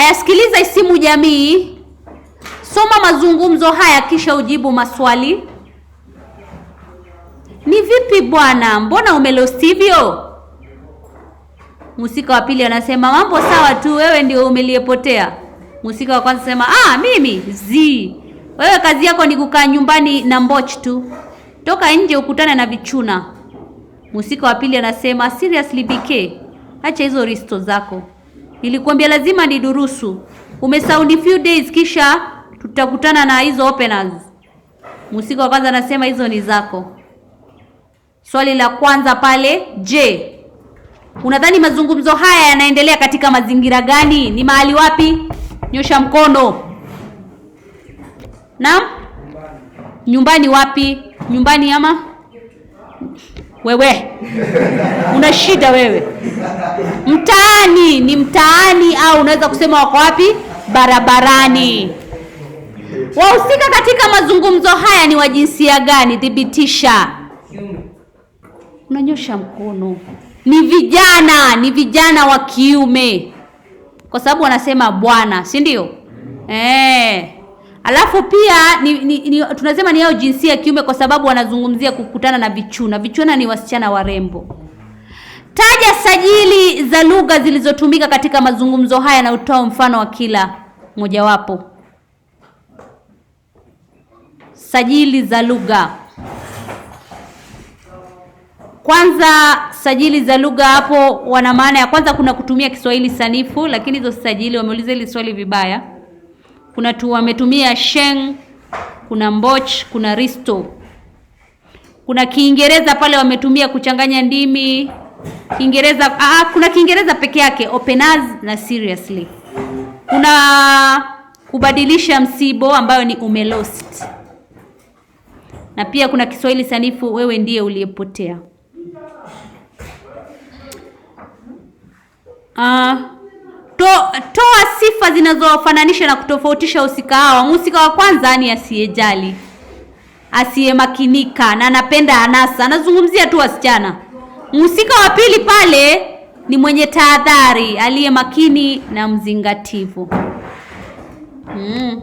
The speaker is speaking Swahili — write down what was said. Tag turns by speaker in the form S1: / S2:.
S1: Aya, sikiliza isimu jamii, soma mazungumzo haya kisha ujibu maswali. Ni vipi bwana, mbona umelost hivyo? Mhusika wa pili anasema mambo sawa tu, wewe ndio umeliepotea. Mhusika wa kwanza anasema ah, mimi zi wewe, kazi yako ni kukaa nyumbani na mboch tu, toka nje ukutane na vichuna. Mhusika wa pili anasema seriously BK, acha hizo risto zako. Nilikuambia lazima nidurusu. Umesound few days, kisha tutakutana na hizo openers. Musika wa kwanza anasema hizo ni zako. Swali la kwanza pale, je, unadhani mazungumzo haya yanaendelea katika mazingira gani? Ni mahali wapi? Nyosha mkono. Naam, nyumbani. Wapi? Nyumbani ama wewe una shida wewe Mtaani ni mtaani, au unaweza kusema wako wapi? Barabarani. Wahusika katika mazungumzo haya ni wa jinsia gani? Thibitisha. Unanyosha mkono. Ni vijana, ni vijana wa kiume, kwa sababu wanasema bwana, si ndio? Eh. Alafu pia ni, ni, ni, tunasema ni yao jinsia ya kiume kwa sababu wanazungumzia kukutana na vichuna. Vichuna ni wasichana warembo. Taja sajili za lugha zilizotumika katika mazungumzo haya na utoa mfano wa kila mojawapo. Sajili za lugha. Kwanza, sajili za lugha hapo wana maana ya kwanza, kuna kutumia Kiswahili sanifu, lakini hizo sajili wameuliza hili swali vibaya. Kuna tu wametumia sheng, kuna mboch, kuna risto, kuna Kiingereza pale wametumia kuchanganya ndimi Kiingereza ah, ah, kuna Kiingereza peke yake openers na seriously. Kuna kubadilisha msibo ambayo ni umelost, na pia kuna Kiswahili sanifu wewe ndiye uliyepotea. Ah, to, toa sifa zinazofananisha na kutofautisha husika hawa. Mhusika wa kwanza ni asiyejali, asiyemakinika na anapenda anasa. Anazungumzia tu wasichana Mhusika wa pili pale ni mwenye tahadhari, aliye makini na mzingativu. Mm.